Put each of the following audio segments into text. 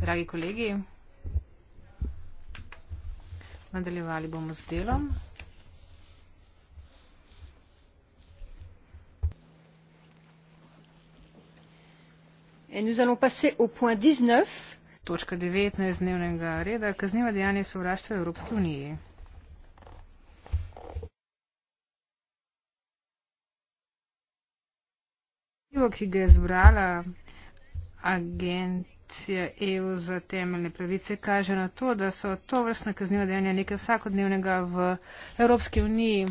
Dragi kolegi, nadaljevali bomo z delom. Et nous allons passer au point 19. Točka 19 dnevnega reda, kazniva dejanja sovraštva Evropske unije. Kazniva, ki ga je zbrala agent deklaracija EU za temeljne pravice kaže na to, da so to vrstne kaznjiva dejanja nekaj vsakodnevnega v Evropski uniji.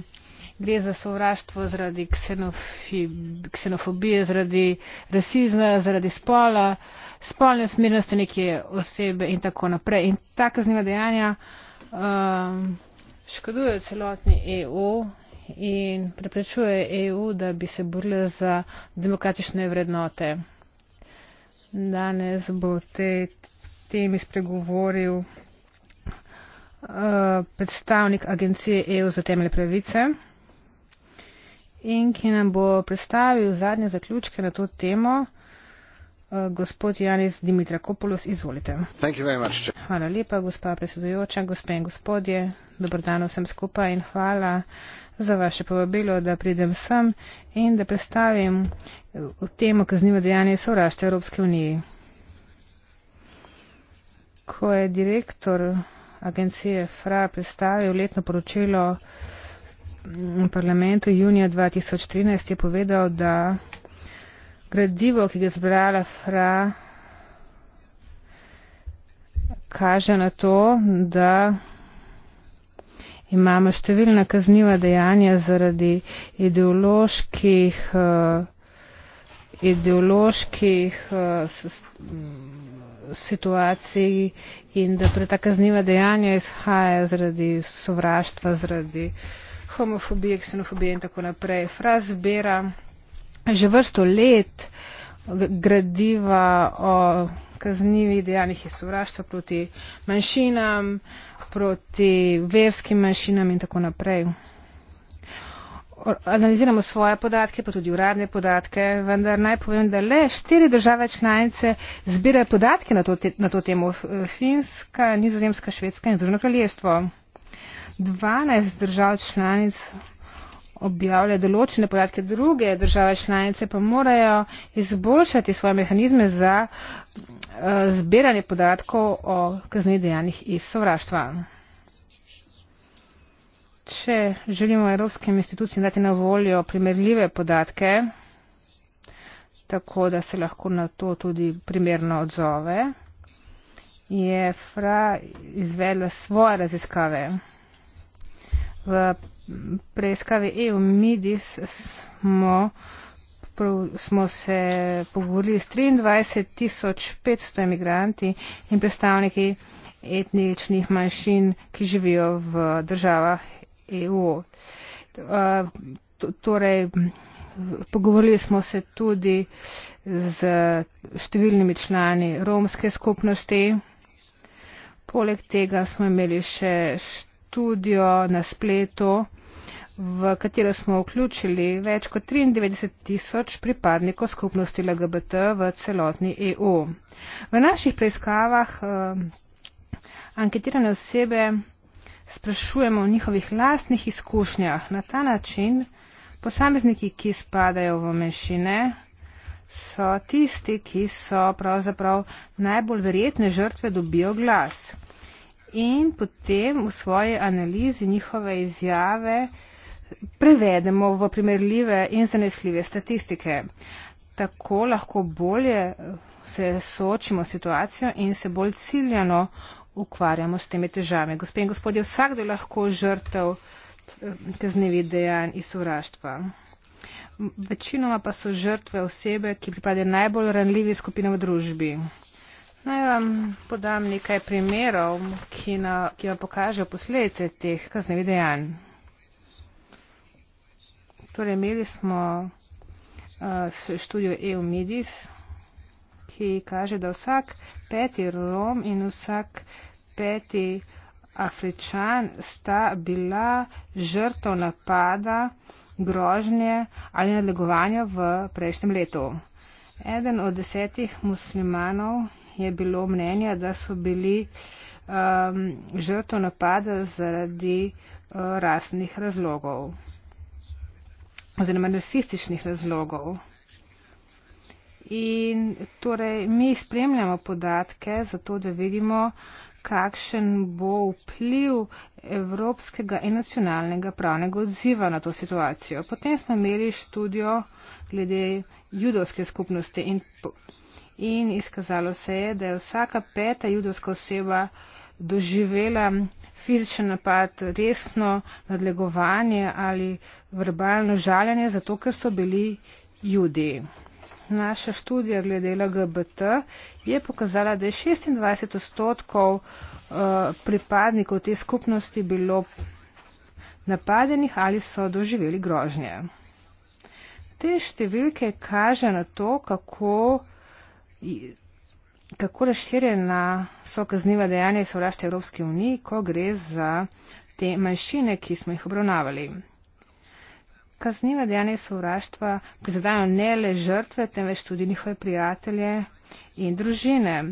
Gre za sovraštvo zaradi ksenofobije, zaradi rasizma, zaradi spola, spolne smernosti neke osebe in tako naprej. In ta kaznjiva dejanja um, škodujo celotni EU in preprečuje EU, da bi se borila za demokratične vrednote danes bo te temi spregovoril eh, predstavnik Agencije EU za temelje pravice in ki nam bo predstavil zadnje zaključke na to temo. Eh, gospod Janis Dimitrakopoulos, izvolite. Hvala lepa, gospa predsedujoča, gospe in gospodje, dobro dan vsem skupaj in hvala za vaše povabilo, da pridem sem in da predstavim eh, v temo kaznivo dejanje sovraštva Evropske unije. Ko je direktor agencije FRA predstavil letno poročilo v mm, parlamentu junija 2013, je povedal, da gradivo, ki ga je zbrala Fra, kaže na to, da imamo številna kazniva dejanja zaradi ideoloških, eh, ideoloških eh, situacij in da torej ta kazniva dejanja izhaja zaradi sovraštva, zaradi homofobije, ksenofobije in tako naprej. Fra zbira že vrsto let gradiva o kaznjivih dejanjih iz sovraštva proti manjšinam, proti verskim manjšinam in tako naprej. Analiziramo svoje podatke, pa tudi uradne podatke, vendar naj povem, da le štiri države članice zbirajo podatke na to, te, na to temo. Finska, Nizozemska, Švedska in Združeno kraljestvo. 12 držav članic objavlja določene podatke, druge države članice pa morajo izboljšati svoje mehanizme za eh, zbiranje podatkov o kaznih dejanjih iz sovraštva. Če želimo evropskim institucijam dati na voljo primerljive podatke, tako da se lahko na to tudi primerno odzove, je FRA izvedla svoje raziskave. V preiskavi EU MIDIS smo, smo se pogovorili s 23.500 imigranti in predstavniki etničnih manjšin, ki živijo v državah EU. Torej, pogovorili smo se tudi z številnimi člani romske skupnosti. Poleg tega smo imeli še študijo na spletu, v katero smo vključili več kot 93 tisoč pripadnikov skupnosti LGBT v celotni EU. V naših preiskavah eh, anketirane osebe sprašujemo o njihovih lastnih izkušnjah. Na ta način posamezniki, ki spadajo v menšine, so tisti, ki so pravzaprav najbolj verjetne žrtve, dobijo glas. In potem v svoji analizi njihove izjave eh, prevedemo v primerljive in zanesljive statistike. Tako lahko bolje eh, se soočimo s situacijo in se bolj ciljano ukvarjamo s temi težavami. Gospe in gospodje, vsakdo je lahko žrtev eh, kaznevi dejanj iz sovraštva. Večinoma pa so žrtve osebe, ki pripadajo najbolj ranljivi skupini v družbi. Naj vam podam nekaj primerov, ki, na, ki vam pokažejo posledice teh kaznevi dejanj. Torej, imeli smo uh, študijo EU Midis, ki kaže, da vsak peti Rom in vsak peti Afričan sta bila žrtev napada, grožnje ali nadlegovanja v prejšnjem letu. Eden od desetih muslimanov je bilo mnenja, da so bili um, žrtev napada zaradi uh, rasnih razlogov oziroma rasističnih razlogov. In torej mi spremljamo podatke zato, da vidimo, kakšen bo vpliv evropskega in nacionalnega pravnega odziva na to situacijo. Potem smo imeli študijo glede judovske skupnosti in, in izkazalo se je, da je vsaka peta judovska oseba doživela fizičen napad, resno nadlegovanje ali verbalno žaljanje, zato ker so bili judi. Naša študija glede LGBT je pokazala, da je 26 odstotkov eh, pripadnikov te skupnosti bilo napadenih ali so doživeli grožnje. Te številke kaže na to, kako kako razširjena so kazniva dejanja iz sovraštva Evropske unije, ko gre za te manjšine, ki smo jih obravnavali. Kazniva dejanja iz sovraštva prizadajo ne le žrtve, temveč tudi njihove prijatelje in družine.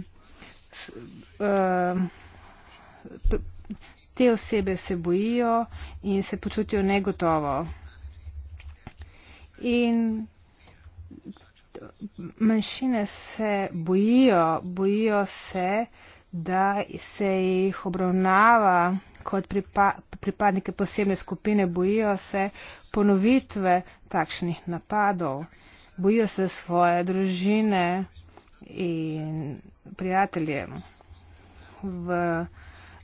S, uh, te osebe se bojijo in se počutijo negotovo. In manjšine se bojijo, bojijo se, da se jih obravnava kot pripa, pripadnike posebne skupine, bojijo se ponovitve takšnih napadov, bojijo se svoje družine in prijatelje. V, v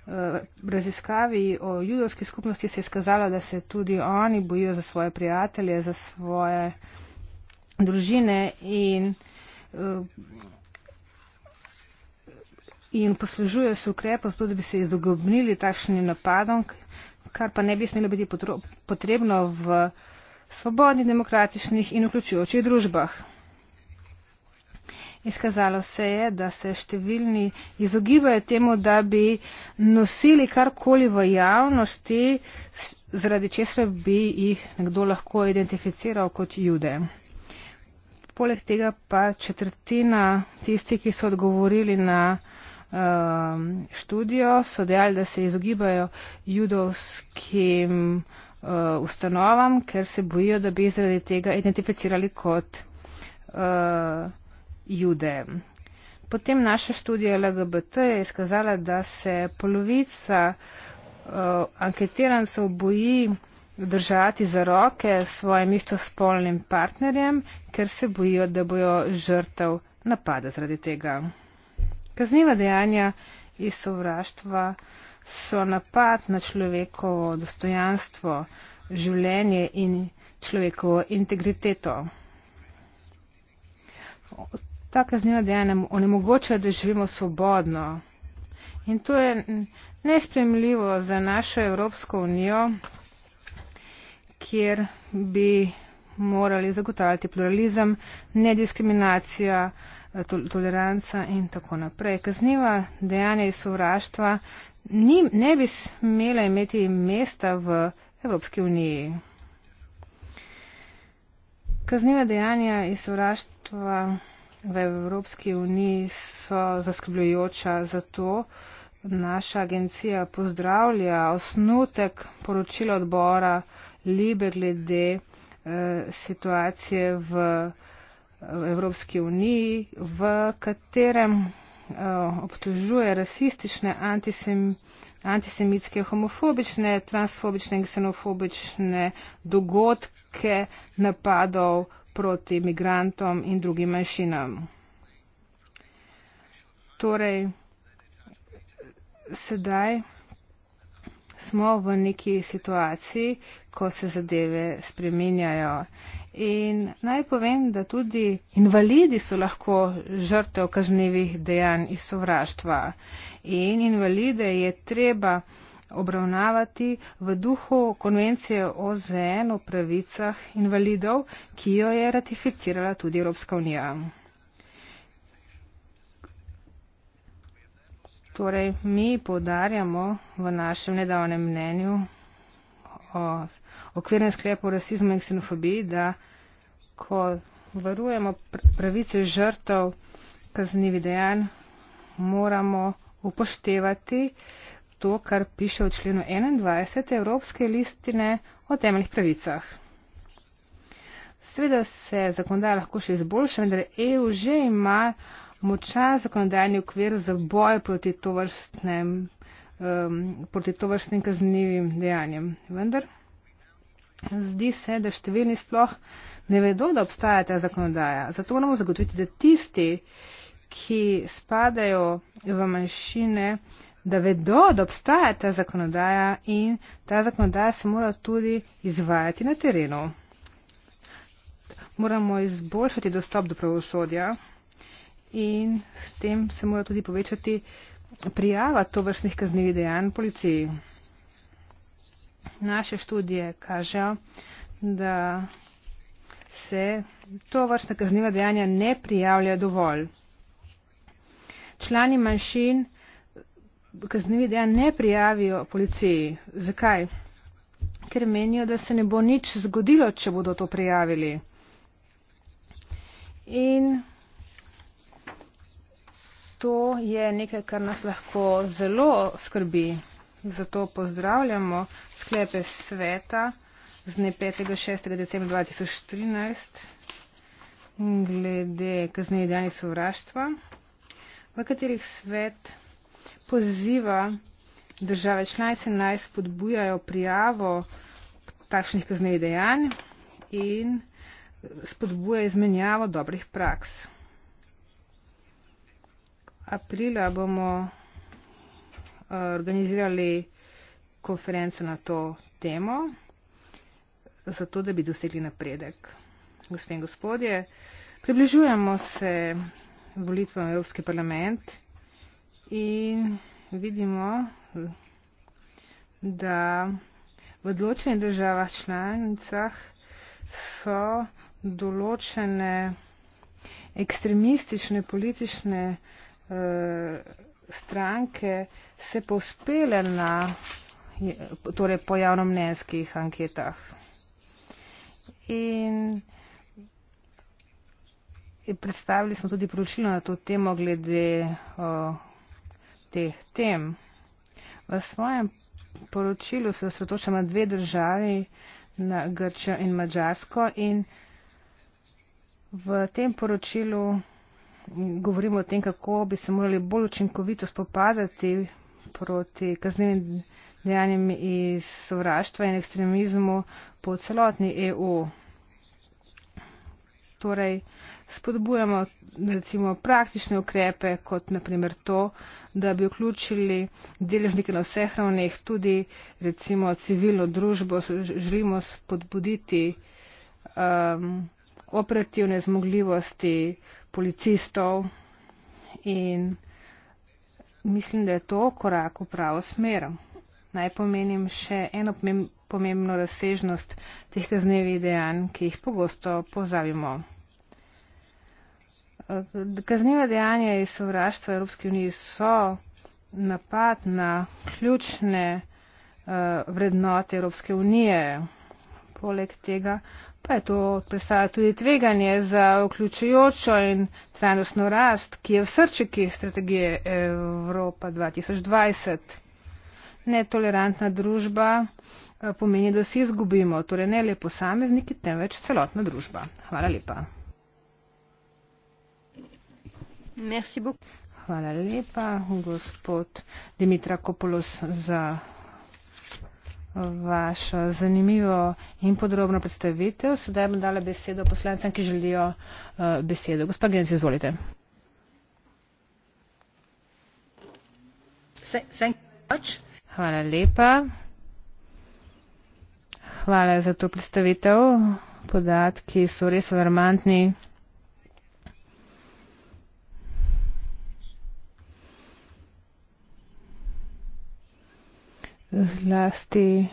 eh, raziskavi o judovski skupnosti se je skazalo, da se tudi oni bojijo za svoje prijatelje, za svoje družine in, eh, in poslužujejo se ukrepov, zato da bi se izogobnili takšnim napadom, kar pa ne bi smelo biti potrebno v svobodnih, demokratičnih in vključujočih družbah. Izkazalo se je, da se številni izogibajo temu, da bi nosili karkoli v javnosti, zaradi česar bi jih nekdo lahko identificiral kot jude poleg tega pa četrtina tistih, ki so odgovorili na um, študijo, so dejali, da se izogibajo judovskim uh, ustanovam, ker se bojijo, da bi zaradi tega identificirali kot uh, jude. Potem naša študija LGBT je izkazala, da se polovica uh, anketirancev boji, držati za roke s svojim istospolnim partnerjem, ker se bojijo, da bojo žrtev napada zaradi tega. Kazniva dejanja iz sovraštva so napad na človekovo dostojanstvo, življenje in človekovo integriteto. Ta kazniva dejanja onemogočajo, da živimo svobodno. In to je nespremljivo za našo Evropsko unijo, kjer bi morali zagotavljati pluralizem, nediskriminacija, eh, toleranca in tako naprej. Kazniva dejanja iz sovraštva ni, ne bi smela imeti mesta v Evropski uniji. Kazniva dejanja iz sovraštva v Evropski uniji so zaskrbljujoča, zato naša agencija pozdravlja osnutek poročila odbora liber glede eh, situacije v Evropski uniji, v katerem eh, obtožuje rasistične, antisem, antisemitske, homofobične, transfobične in ksenofobične dogodke napadov proti imigrantom in drugim manjšinam. Torej, sedaj smo v neki situaciji, ko se zadeve spreminjajo. In naj povem, da tudi invalidi so lahko žrtev kaznevih dejanj iz sovraštva. In invalide je treba obravnavati v duhu konvencije o ZN o pravicah invalidov, ki jo je ratificirala tudi Evropska unija. Torej, mi podarjamo v našem nedavnem mnenju o okvirnem sklepu rasizma in ksenofobiji, da ko varujemo pravice žrtov kaznivi dejanj, moramo upoštevati to, kar piše v členu 21 Evropske listine o temeljnih pravicah. Sveda se zakonodaja lahko še izboljša, vendar EU že ima močan zakonodajni okvir za boj proti tovrstnem, um, proti tovrstnem kaznjivim dejanjem. Vendar zdi se, da številni sploh ne vedo, da obstaja ta zakonodaja. Zato moramo zagotoviti, da tisti, ki spadajo v manjšine, da vedo, da obstaja ta zakonodaja in ta zakonodaja se mora tudi izvajati na terenu. Moramo izboljšati dostop do pravosodja in s tem se mora tudi povečati prijava to vrstnih kaznevih dejanj policiji. Naše študije kažejo, da se to vrstne kazniva dejanja ne prijavlja dovolj. Člani manjšin kaznevih dejanj ne prijavijo policiji. Zakaj? Ker menijo, da se ne bo nič zgodilo, če bodo to prijavili. In to je nekaj, kar nas lahko zelo skrbi. Zato pozdravljamo sklepe sveta z dne 5. 6. decembra 2013 glede kaznjenih dejanj sovraštva, v katerih svet poziva države članice naj spodbujajo prijavo takšnih kaznjenih dejanj in spodbuja izmenjavo dobrih praks aprila bomo eh, organizirali konferenco na to temo, zato da bi dosegli napredek. Gospe in gospodje, približujemo se volitvam Evropski parlament in vidimo, da v odločenih državah članicah so določene ekstremistične politične Eh, stranke se povspele na, torej po javnomnenskih anketah. In predstavili smo tudi poročilo na to temo glede o, teh tem. V svojem poročilu se osredotočamo dve državi, na Grčjo in Mačarsko. In v tem poročilu govorimo o tem, kako bi se morali bolj učinkovito spopadati proti kaznjivim dejanjem iz sovraštva in ekstremizmu po celotni EU. Torej, spodbujamo recimo praktične ukrepe, kot naprimer to, da bi vključili deležnike na vseh ravneh, tudi recimo civilno družbo, želimo spodbuditi um, operativne zmogljivosti uh, policistov in mislim, da je to korak v pravo smer. Naj pomenim še eno pomembno razsežnost teh kaznevih dejanj, ki jih pogosto pozavimo. Kazniva dejanja iz sovraštva Evropske unije so napad na ključne eh, vrednote Evropske unije. Poleg tega pa je to predstavlja tudi tveganje za vključujočo in trajnostno rast, ki je v srčiki strategije Evropa 2020. Netolerantna družba eh, pomeni, da vsi izgubimo, torej ne le posamezniki, temveč celotna družba. Hvala lepa. Hvala lepa, gospod Dimitra Kopolos, za vašo zanimivo in podrobno predstavitev. Sedaj bom dala besedo poslancem, ki želijo uh, besedo. Gospa Genc, izvolite. Hvala lepa. Hvala za to predstavitev. Podatki so res alarmantni. zlasti,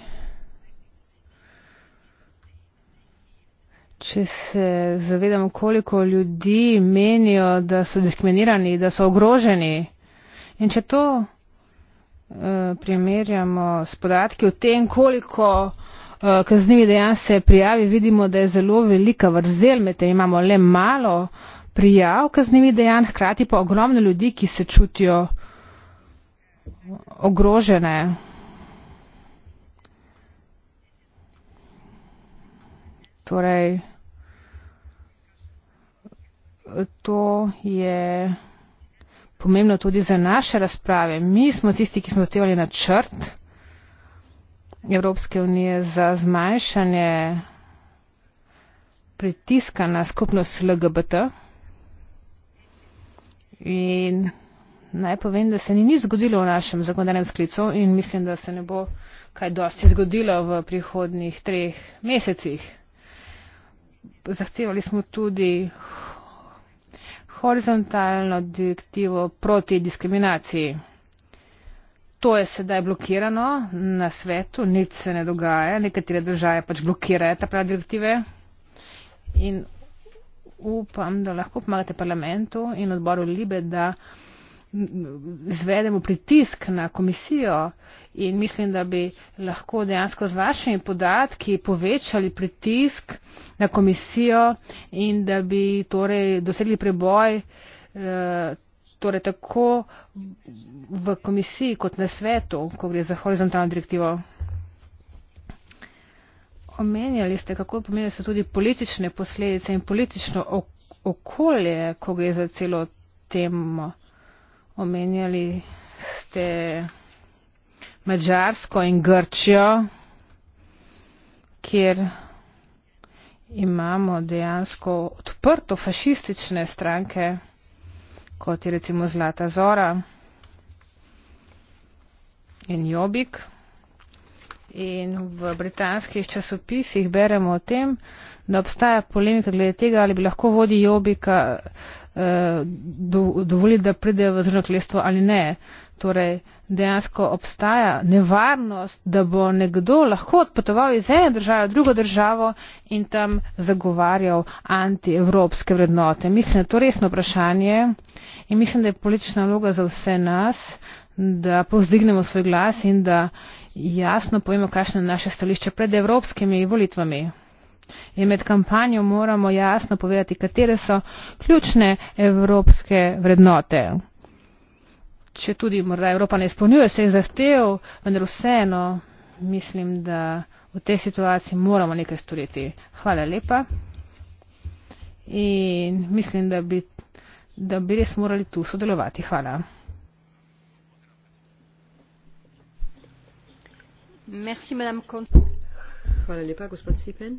če se zavedamo, koliko ljudi menijo, da so diskriminirani, da so ogroženi. In če to eh, primerjamo s podatki o tem, koliko eh, kaznjivih dejanj se prijavi, vidimo, da je zelo velika vrzel med tem. Imamo le malo prijav kaznjivih dejanj, hkrati pa ogromno ljudi, ki se čutijo ogrožene. Torej, to je pomembno tudi za naše razprave. Mi smo tisti, ki smo zahtevali načrt Evropske unije za zmanjšanje pritiska na skupnost LGBT. In naj povem, da se ni nič zgodilo v našem zakonodajnem sklicu in mislim, da se ne bo kaj dosti zgodilo v prihodnjih treh mesecih zahtevali smo tudi horizontalno direktivo proti diskriminaciji. To je sedaj blokirano na svetu, nič se ne dogaja, nekatere države pač blokirajo ta prav direktive in upam, da lahko pomagate parlamentu in odboru Libe, da zvedemo pritisk na komisijo in mislim, da bi lahko dejansko z vašimi podatki povečali pritisk na komisijo in da bi torej dosegli preboj eh, torej tako v komisiji kot na svetu, ko gre za horizontalno direktivo. Omenjali ste, kako pomenijo se tudi politične posledice in politično okolje, ko gre za celo temo omenjali ste Mačarsko in Grčijo, kjer imamo dejansko odprto fašistične stranke, kot je recimo Zlata Zora in Jobik. In v britanskih časopisih beremo o tem, da obstaja polemika glede tega, ali bi lahko vodi Jobika dovolili, da pridejo v Združeno kraljestvo ali ne. Torej, dejansko obstaja nevarnost, da bo nekdo lahko odpotoval iz ene države v drugo državo in tam zagovarjal antievropske vrednote. Mislim, da to je resno vprašanje in mislim, da je politična vloga za vse nas, da povzdignemo svoj glas in da jasno povemo, kakšno je naše stališče pred evropskimi volitvami. In med kampanjo moramo jasno povedati, katere so ključne evropske vrednote. Če tudi morda Evropa ne izpolnjuje vseh zahtev, vendar vseeno mislim, da v tej situaciji moramo nekaj storiti. Hvala lepa. In mislim, da bi, da bi res morali tu sodelovati. Hvala. Merci, Hvala lepa, gospod Sipen.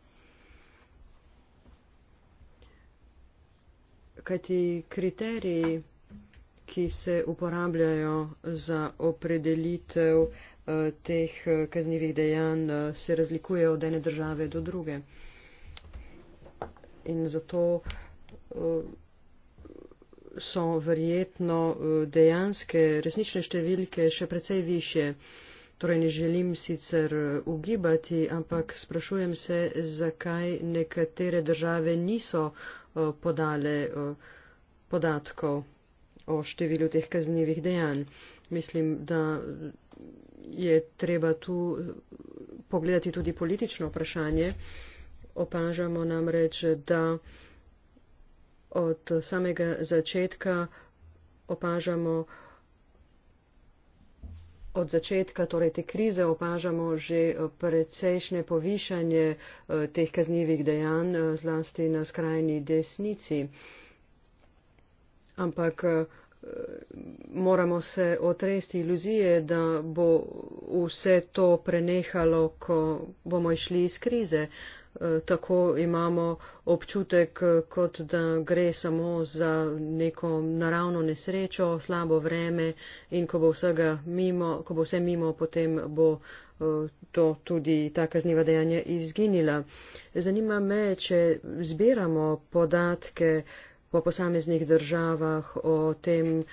kaj ti kriteriji, ki se uporabljajo za opredelitev eh, teh eh, kaznjivih dejanj, eh, se razlikujejo od ene države do druge. In zato so verjetno dejanske, resnične številke še precej više. Torej ne želim sicer ugibati, ampak sprašujem se, zakaj nekatere države niso uh, Eh, podale eh, podatkov o številu teh kaznjivih dejanj. Mislim, da je treba tu eh, pogledati tudi politično vprašanje. Opažamo namreč, da od samega začetka opažamo, od začetka torej te krize opažamo že eh, precejšnje povišanje eh, teh kaznjivih dejanj, eh, zlasti na skrajni desnici. Ampak moramo se otresti iluzije, da bo vse to prenehalo, ko bomo išli iz krize. E, tako imamo občutek, kot da gre samo za neko naravno nesrečo, slabo vreme in ko bo, mimo, ko bo vse mimo, potem bo e, to tudi ta kazniva dejanja izginila. Zanima me, če zbiramo podatke, po posameznih državah o tem,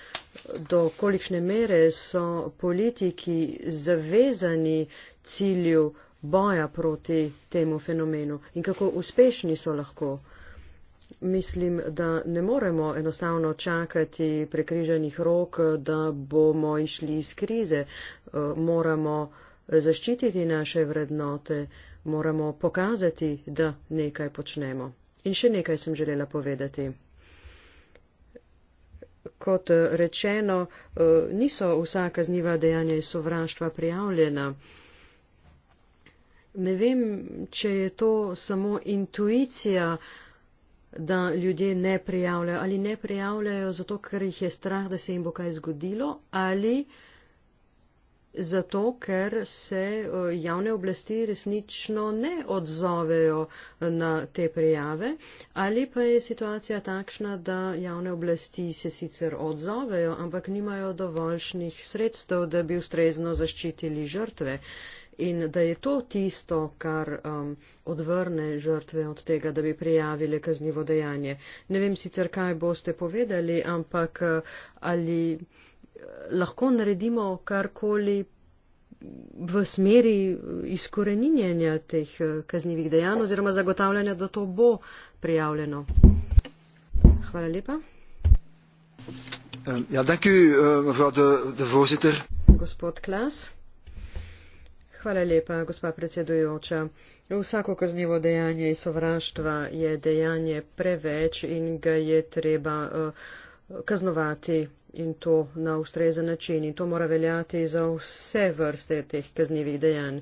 do kolikšne mere so politiki zavezani cilju boja proti temu fenomenu in kako uspešni so lahko. Mislim, da ne moremo enostavno čakati prekrižanih rok, da bomo išli iz krize. Eh, moramo zaščititi naše vrednote, moramo pokazati, da nekaj počnemo. In še nekaj sem želela povedati kot eh, rečeno, eh, niso vsa kazniva dejanja iz sovraštva prijavljena. Ne vem, če je to samo intuicija, da ljudje ne prijavljajo ali ne prijavljajo zato, ker jih je strah, da se jim bo kaj zgodilo ali Zato, ker se eh, javne oblasti resnično ne odzovejo eh, na te prijave ali pa je situacija takšna, da javne oblasti se sicer odzovejo, ampak nimajo dovoljšnih sredstev, da bi ustrezno zaščitili žrtve. In da je to tisto, kar um, odvrne žrtve od tega, da bi prijavile kaznivo dejanje. Ne vem sicer, kaj boste povedali, ampak eh, ali lahko naredimo karkoli v smeri izkoreninjenja teh eh, kaznjivih dejanj oziroma zagotavljanja, da to bo prijavljeno. Hvala lepa. Eh, ja, dank u, eh, mevrouw de, de voorzitter. Gospod Klaas. Hvala lepa, gospa predsedujoča. Vsako kaznivo dejanje iz sovraštva je dejanje preveč in ga je treba uh, kaznovati in to na ustrezen način. In to mora veljati za vse vrste teh kaznjivih dejanj.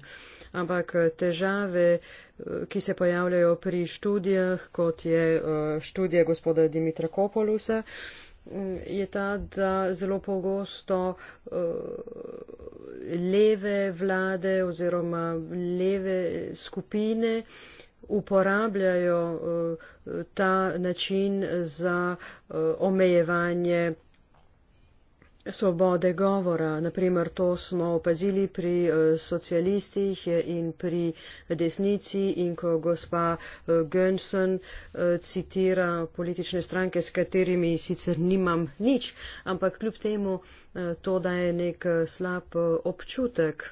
Ampak eh, težave, eh, ki se pojavljajo pri študijah, kot je eh, študija gospoda Dimitra Kopolusa, mm, je ta, da zelo pogosto leve vlade oziroma leve skupine uporabljajo ta način za omejevanje Svobode govora, naprimer to smo opazili pri eh, socialistih eh, in pri desnici in ko gospa eh, Gönson citira politične stranke, s katerimi sicer nimam nič, ampak kljub temu to daje nek slab občutek,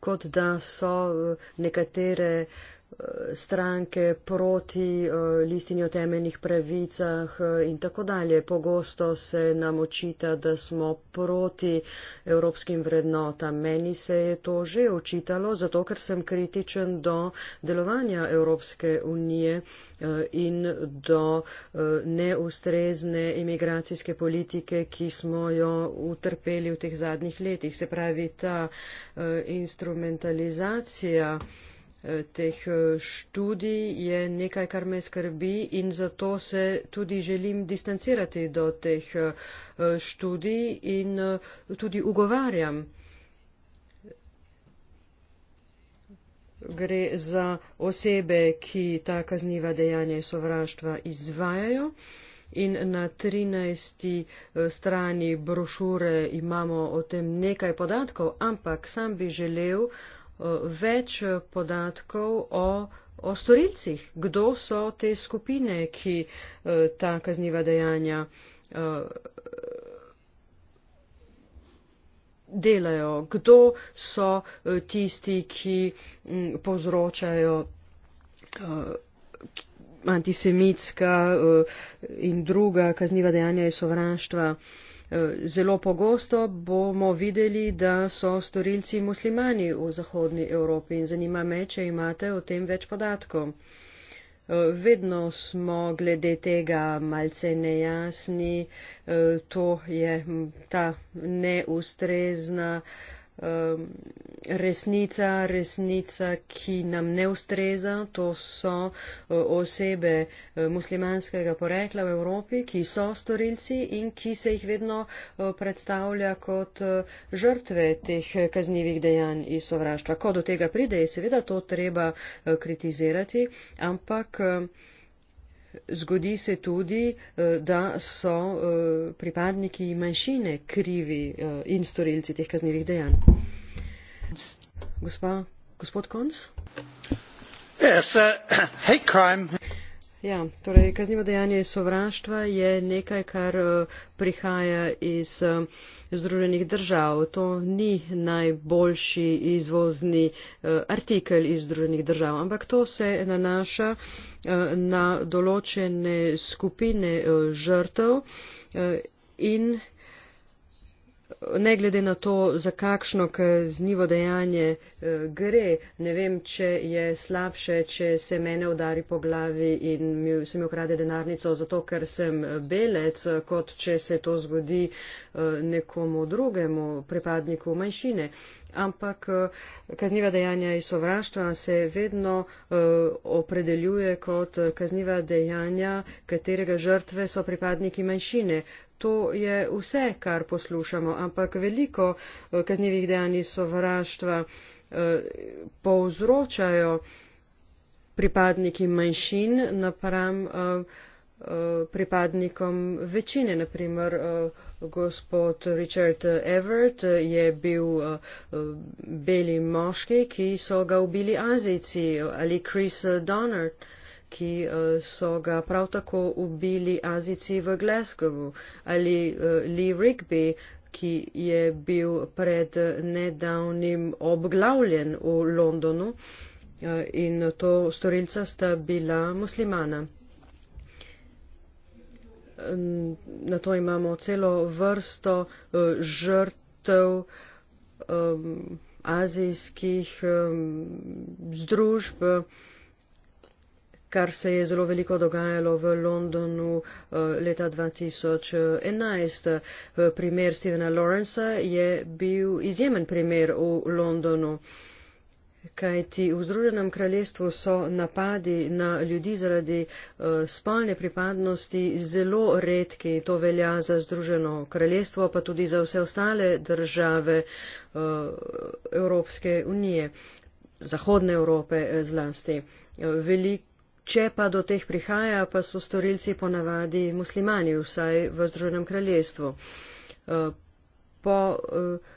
kot da so nekatere stranke proti eh, listini o temeljnih pravicah eh, in tako dalje. Pogosto se nam očita, da smo proti evropskim vrednotam. Meni se je to že očitalo, zato ker sem kritičen do delovanja Evropske unije eh, in do neustrezne imigracijske politike, ki smo jo utrpeli v teh zadnjih letih. Se pravi, ta instrumentalizacija Eh, teh eh, študij je nekaj, kar me skrbi in zato se tudi želim distancirati do teh eh, študij in tudi ugovarjam. Gre za osebe, ki ta kazniva dejanja sovraštva izvajajo. In na 13. strani brošure imamo o tem nekaj podatkov, ampak sam bi želel, več podatkov o, o storilcih, kdo so te skupine, ki eh, ta kazniva dejanja eh, delajo, kdo so eh, tisti, ki mm, povzročajo antisemitska in druga kazniva dejanja in sovraštva. Eh, zelo pogosto bomo videli, da so storilci muslimani v Zahodni Evropi in zanima me, če imate o tem več podatkov. Eh, vedno smo glede tega malce nejasni, eh, to je ta neustrezna um, resnica, resnica, ki nam ne ustreza, to so uh, osebe uh, muslimanskega porekla v Evropi, ki so storilci in ki se jih vedno uh, predstavlja kot uh, žrtve teh kaznjivih dejanj iz sovraštva. Ko do tega pride, je seveda to treba uh, kritizirati, ampak uh, Zgodi se tudi, eh, da so eh, pripadniki manjšine krivi eh, in storilci teh kaznjivih dejanj. Gospa, gospod Konc? Yes, uh, Ja, torej, kaznivo dejanje sovraštva je nekaj, kar uh, prihaja iz uh, Združenih držav. To ni najboljši izvozni uh, artikel iz Združenih držav, ampak to se nanaša uh, na določene skupine uh, žrtev uh, in ne glede na to, za kakšno kaznivo dejanje eh, gre, ne vem, če je slabše, če se mene udari po glavi in mi, se mi ukrade denarnico zato, ker sem eh, belec, eh, kot če se to zgodi nekomu drugemu pripadniku manjšine. Ampak kazniva dejanja iz sovraštva se vedno opredeljuje kot kazniva dejanja, katerega žrtve so pripadniki manjšine. To je vse, kar poslušamo, ampak veliko eh, kaznjivih dejanj sovraštva eh, povzročajo pripadniki manjšin napram eh, pripadnikom večine. Naprimer, gospod Richard Everett je bil beli moški, ki so ga ubili Azici ali Chris Donard ki eh, so ga prav tako ubili Azici v Glasgowu, ali eh, Lee Rigby, ki je bil pred nedavnim obglavljen v Londonu eh, in to storilca sta bila muslimana. Na to imamo celo vrsto žrtev um, azijskih um, združb, um, kar se je zelo veliko dogajalo v Londonu eh, leta 2011. Eh, primer Stevena Lawrencea je bil izjemen primer v Londonu. Kajti v Združenem kraljestvu so napadi na ljudi zaradi uh, spolne pripadnosti zelo redki. To velja za Združeno kraljestvo, pa tudi za vse ostale države uh, Evropske unije, Zahodne Evrope zlasti. Veliko Če pa do teh prihaja, pa so storilci ponavadi muslimani, vsaj v Združenem kraljestvu. Eh, po eh,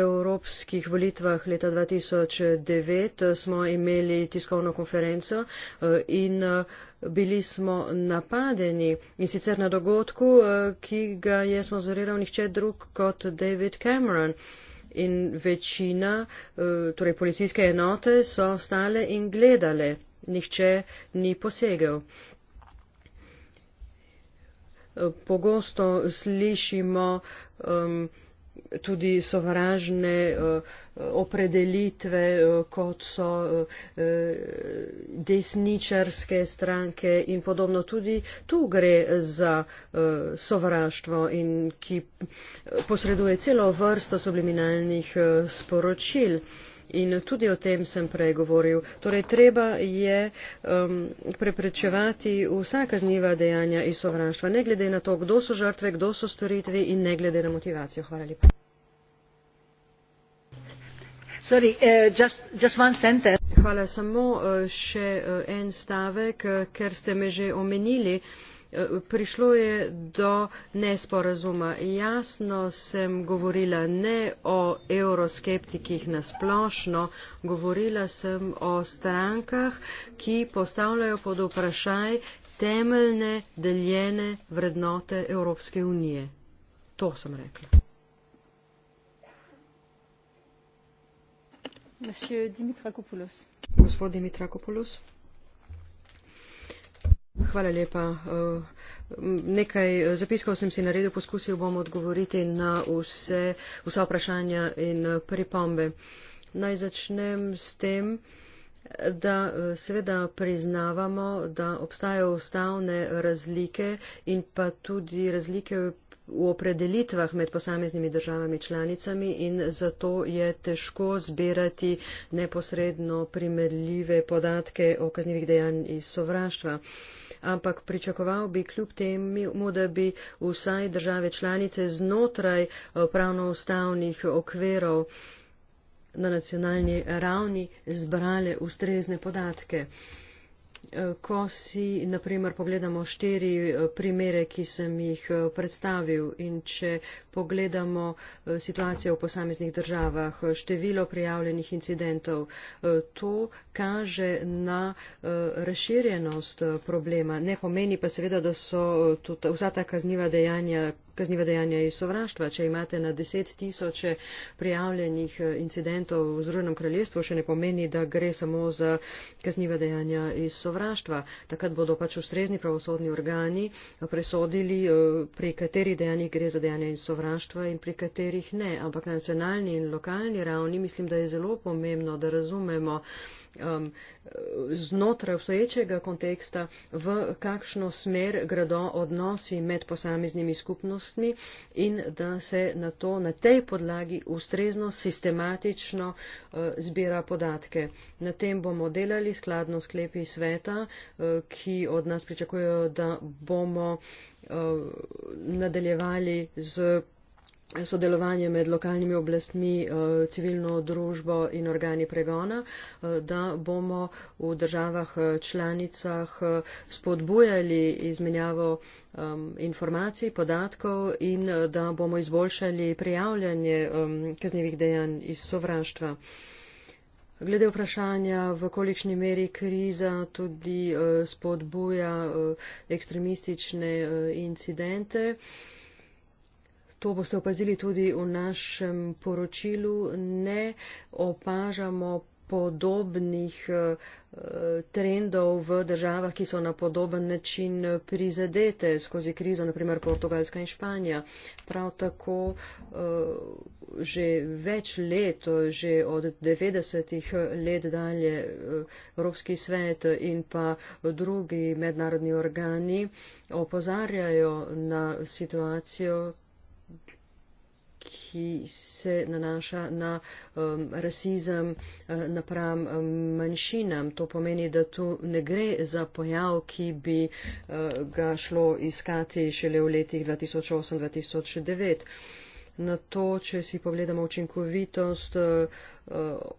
evropskih volitvah leta 2009 eh, smo imeli tiskovno konferenco in bili smo napadeni in sicer na dogodku, ki ga je smozoriral nihče drug kot David Cameron. In večina, torej policijske enote, so stale in gledale nihče ni posegel. Pogosto slišimo um, tudi sovražne uh, opredelitve, uh, kot so uh, desničarske stranke in podobno. Tudi tu gre za uh, sovraštvo, in, ki posreduje celo vrsto subliminalnih uh, sporočil. Uh, in tudi o tem sem prej govoril. Torej, treba je um, preprečevati vsa kazniva dejanja iz sovraštva, ne glede na to, kdo so žrtve, kdo so storitvi in ne glede na motivacijo. Hvala lepa. Sorry, uh, just, just Hvala samo uh, še uh, en stavek, uh, ker ste me že omenili. Uh, prišlo je do nesporazuma. Jasno sem govorila ne o euroskeptikih nasplošno, govorila sem o strankah, ki postavljajo pod vprašaj temeljne deljene vrednote Evropske unije. To sem rekla. Gospod Dimitrakopoulos hvala lepa. Eh, nekaj eh, zapiskov sem si naredil, poskusil bom odgovoriti na vse, vsa vprašanja in eh, pripombe. Naj začnem s tem, da seveda priznavamo, da obstajajo ustavne razlike in pa tudi razlike v opredelitvah med posameznimi državami članicami in zato je težko zbirati neposredno primerljive podatke o kaznjivih dejanj iz sovraštva. Ampak pričakoval bi kljub temu, da bi vsaj države članice znotraj eh, pravnoustavnih okverov na nacionalni ravni zbrale ustrezne podatke. Eh, ko si naprimer pogledamo štiri eh, primere, ki sem jih eh, predstavil in če pogledamo situacijo v posameznih državah, število prijavljenih incidentov, to kaže na razširjenost problema. Ne pomeni pa seveda, da so vsa ta kazniva dejanja, kazniva dejanja iz sovraštva. Če imate na deset tisoče prijavljenih incidentov v Združenem kraljestvu, še ne pomeni, da gre samo za kazniva dejanja iz sovraštva sovraštva. Takrat bodo pač ustrezni pravosodni organi eh, presodili, eh, pri katerih dejanjih gre za dejanje in sovraštva in pri katerih ne. Ampak na nacionalni in lokalni ravni mislim, da je zelo pomembno, da razumemo, um, znotraj obstoječega konteksta, v kakšno smer gredo odnosi med posameznimi skupnostmi in da se na, to, na tej podlagi ustrezno, sistematično uh, zbira podatke. Na tem bomo delali skladno sklepi sveta, uh, ki od nas pričakujejo, da bomo uh, nadaljevali z sodelovanje med lokalnimi oblastmi, eh, civilno družbo in organi pregona, eh, da bomo v državah eh, članicah spodbujali izmenjavo informacij, podatkov in da bomo izboljšali prijavljanje kaznjivih dejanj iz sovraštva. Glede vprašanja, v kolikšni meri kriza tudi spodbuja ekstremistične incidente, to boste opazili tudi v našem poročilu, ne opažamo podobnih eh, trendov v državah, ki so na podoben način prizadete skozi krizo, naprimer Portugalska in Španija. Prav tako eh, že več let, že od 90-ih let dalje eh, Evropski svet in pa drugi mednarodni organi opozarjajo na situacijo, ki se nanaša na um, rasizem uh, napram um, manjšinam. To pomeni, da tu ne gre za pojav, ki bi uh, ga šlo iskati šele v letih 2008-2009. Na to, če si pogledamo učinkovitost uh,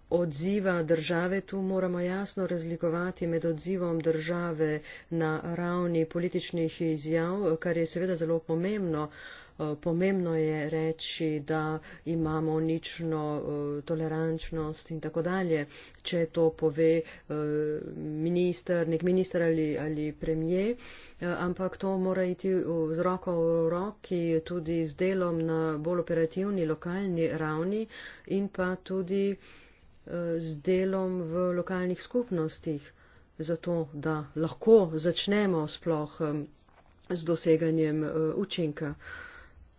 odziva države, tu moramo jasno razlikovati med odzivom države na ravni političnih izjav, kar je seveda zelo pomembno. Eh, pomembno je reči, da imamo nično eh, tolerančnost in tako dalje. Če to pove eh, minister, nek minister ali, ali premije, ampak to mora iti z roko v roki tudi z delom na bolj operativni lokalni ravni in pa tudi z delom v lokalnih skupnostih, zato da lahko začnemo sploh z doseganjem učinka.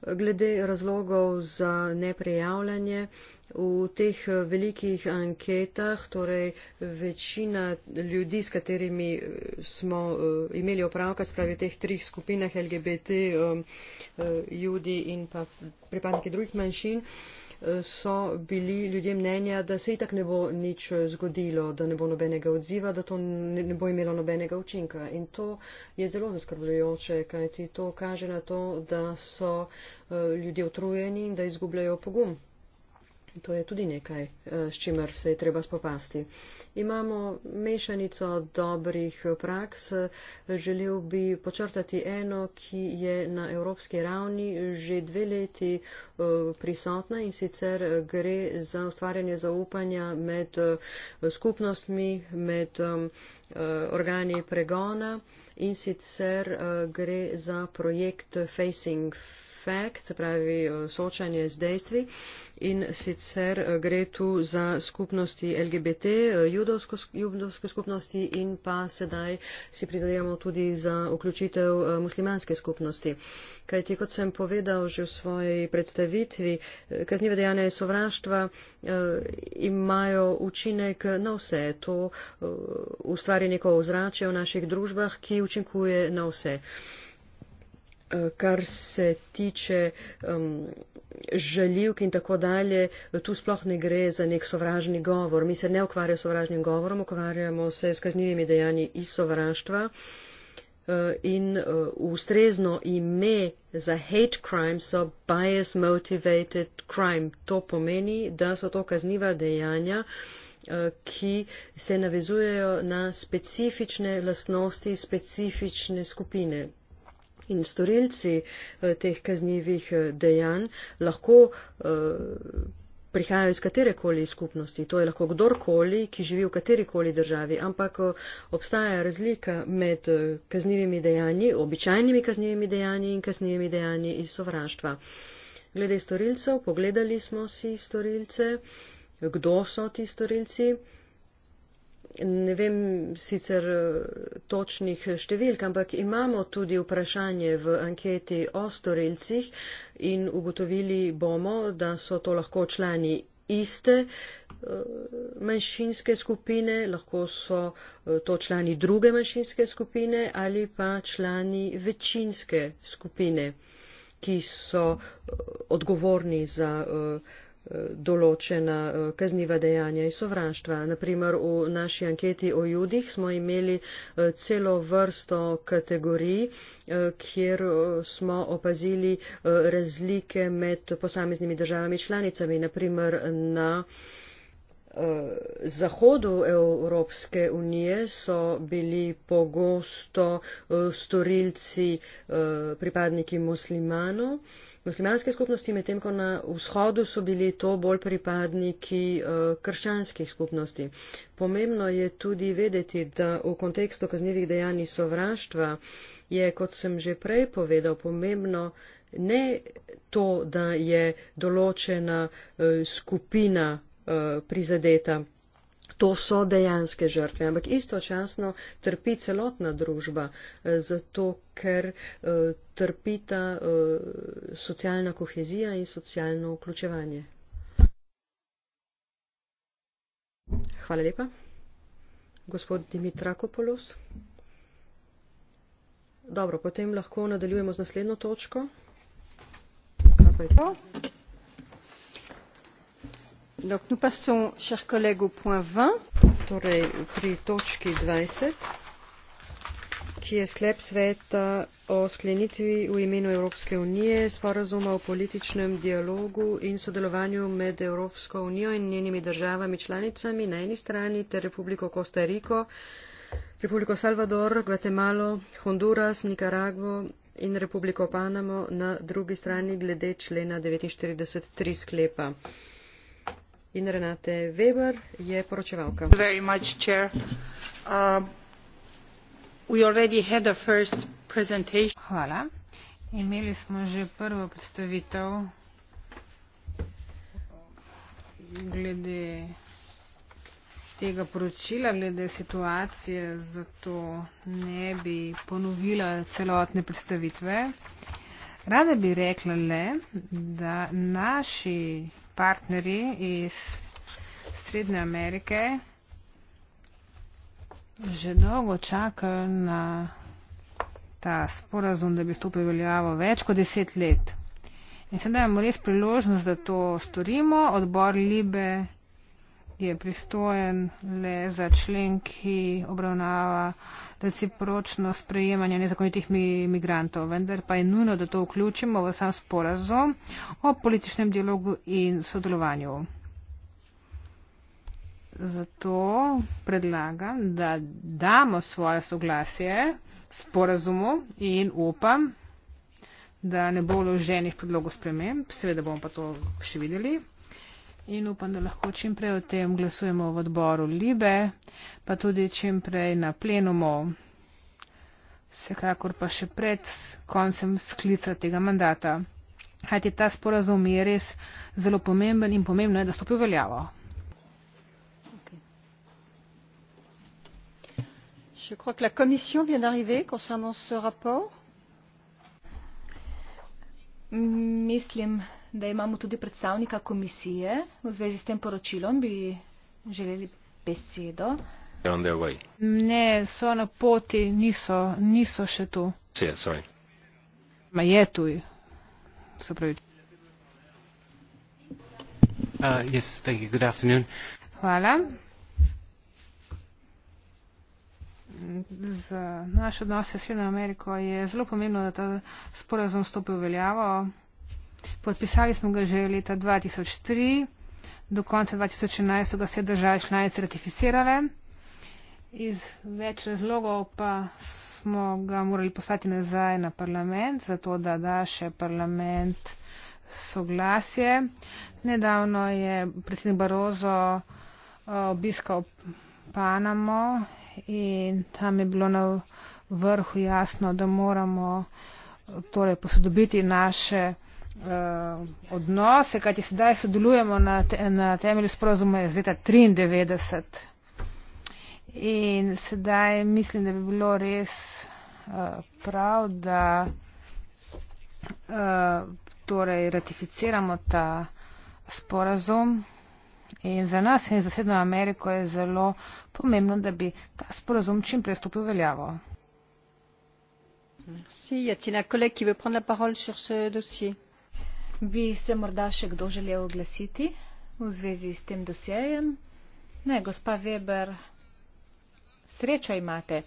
Glede razlogov za neprijavljanje v teh velikih anketah, torej večina ljudi, s katerimi eh, smo eh, imeli opravka, spravi v teh trih skupinah LGBT, eh, judi in pa pripadniki drugih manjšin, so bili ljudje mnenja, da se itak ne bo nič zgodilo, da ne bo nobenega odziva, da to ne, ne bo imelo nobenega učinka. In to je zelo zaskrbljujoče, kajti to kaže na to, da so eh, ljudje utrujeni in da izgubljajo pogum. To je tudi nekaj, eh, s čimer se je treba spopasti. Imamo mešanico dobrih praks. Želel bi počrtati eno, ki je na evropski ravni že dve leti eh, prisotna in sicer gre za ustvarjanje zaupanja med eh, skupnostmi, med organi pregona in sicer gre za projekt Facing Facing fact, se pravi eh, soočanje z dejstvi. In sicer eh, gre tu za skupnosti LGBT, eh, judovske skupnosti in pa sedaj si prizadevamo tudi za vključitev muslimanske skupnosti. Kaj ti, kot sem povedal že v svoji predstavitvi, kaznive dejanja in sovraštva imajo učinek na vse. To ustvari neko ozračje v naših družbah, ki učinkuje na vse. Eh, kar se tiče um, želivk in tako dalje, tu sploh ne gre za nek sovražni govor. Mi se ne ukvarjamo s sovražnim govorom, ukvarjamo se s kaznjivimi dejanji iz sovraštva uh, in uh, ustrezno ime za hate crime so bias motivated crime. To pomeni, da so to kazniva dejanja ki se navezujejo na specifične lastnosti specifične skupine in storilci eh, teh kaznjivih eh, dejanj lahko eh, prihajajo iz katerekoli skupnosti. To je lahko kdorkoli, ki živi v katerikoli državi, ampak obstaja razlika med kaznjivimi dejanji, običajnimi kaznjivimi dejanji in kaznjivimi dejanji iz sovraštva. Glede storilcev, pogledali smo si storilce, kdo so ti storilci ne vem sicer eh, točnih številk, ampak imamo tudi vprašanje v anketi o storilcih in ugotovili bomo, da so to lahko člani iste eh, manjšinske skupine, lahko so eh, to člani druge manjšinske skupine ali pa člani večinske skupine, ki so odgovorni za uh, določena eh, kazniva dejanja in sovraštva. Naprimer, v naši anketi o judih smo imeli eh, celo vrsto kategorij, eh, kjer smo opazili razlike med posameznimi državami članicami. Naprimer, na Eh, zahodu Evropske unije so bili pogosto eh, storilci eh, pripadniki muslimanov, muslimanske skupnosti, medtem ko na vzhodu so bili to bolj pripadniki krščanskih skupnosti. Pomembno je tudi vedeti, da v kontekstu kaznjivih dejanj sovraštva je, kot sem že prej povedal, pomembno ne to, da je določena skupina prizadeta. To so dejanske žrtve, ampak istočasno trpi celotna družba, e, zato ker e, trpita e, socialna kohezija in socialno vključevanje. Hvala lepa. Gospod Dimitrakopoulos. Dobro, potem lahko nadaljujemo z naslednjo točko. Kaj pa je to? nous passons chers collègues au point vingt torej, pri točki dvajset ki je sklep sveta o sklenitvi v imenu evropske unije sporazuma o političnem dialogu in sodelovanju med evropsko unijo in njenimi državami članicami na eni strani ter republiko kostariko republiko salvador gvatemalo honduras nikaragvo in republiko panamo na drugi strani glede člena devetinštirideset tri sklepa in Renate Weber je poročevalka. Uh, Hvala. Imeli smo že prvo predstavitev glede tega poročila, glede situacije, zato ne bi ponovila celotne predstavitve. Rada bi rekla le, da naši partnerji iz Srednje Amerike že dolgo čakajo na ta sporazum, da bi stopil veljavo več kot deset let. In sedaj imamo res priložnost, da to storimo. Odbor Libe je pristojen le za člen, ki obravnava recipročno sprejemanje nezakonitih imigrantov. Vendar pa je nujno, da to vključimo v sam sporazum o političnem dialogu in sodelovanju. Zato predlagam, da damo svoje soglasje sporazumu in upam, da ne bo vloženih predlogov sprememb, seveda bomo pa to še videli in upam, da lahko čim prej o tem glasujemo v odboru Libe, pa tudi čim prej na plenumu, vsekakor pa še pred koncem sklica tega mandata. Hajti ta sporazum je res zelo pomemben in pomembno je, da stopi v veljavo. Je crois que la Commission vient d'arriver concernant ce rapport. Mislim, da imamo tudi predstavnika komisije v zvezi s tem poročilom, bi želeli besedo. Ne, so na poti, niso, niso še tu. Yeah, Ma je tu. Se pravi. Uh, yes, thank you. Good afternoon. Hvala. Za naš odnos s Sredno Ameriko je zelo pomembno, da ta sporazum stopi v veljavo. Podpisali smo ga že leta 2003, do konca 2011 so ga vse države članice ratificirale. Iz več razlogov pa smo ga morali poslati nazaj na parlament, zato da da še parlament soglasje. Nedavno je predsednik Barozo eh, obiskal Panamo in tam je bilo na vrhu jasno, da moramo torej, posodobiti naše uh, odnose, kajti sedaj sodelujemo na, te, na temelju sporozuma iz leta 1993. In sedaj mislim, da bi bilo res uh, prav, da uh, torej ratificiramo ta sporozum. In za nas in za Sredno Ameriko je zelo pomembno, da bi ta sporozum čim prej stopil veljavo. Merci. Y a-t-il un collègue qui veut prendre la parole sur ce dossier? Bi se morda še kdo želel oglasiti v zvezi s tem dosjejem? Ne, gospa Weber, srečo imate.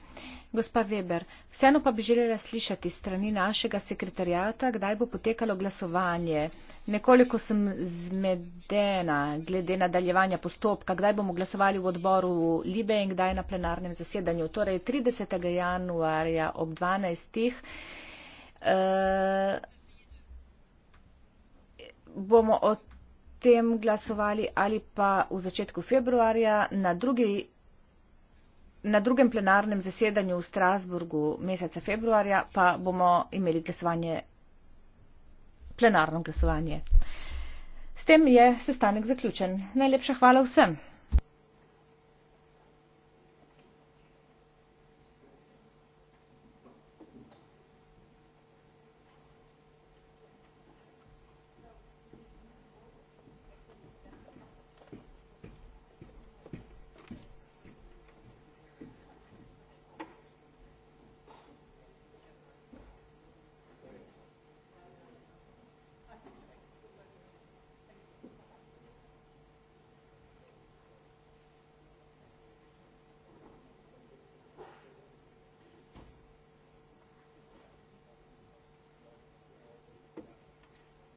Gospa Weber, vseeno pa bi želela slišati strani našega sekretarjata, kdaj bo potekalo glasovanje. Nekoliko sem zmedena glede nadaljevanja postopka, kdaj bomo glasovali v odboru Libe in kdaj na plenarnem zasedanju. Torej 30. januarja ob 12. Uh, bomo o tem glasovali ali pa v začetku februarja na, drugi, na drugem plenarnem zasedanju v Strasburgu meseca februarja, pa bomo imeli glasovanje, plenarno glasovanje. S tem je sestanek zaključen. Najlepša hvala vsem.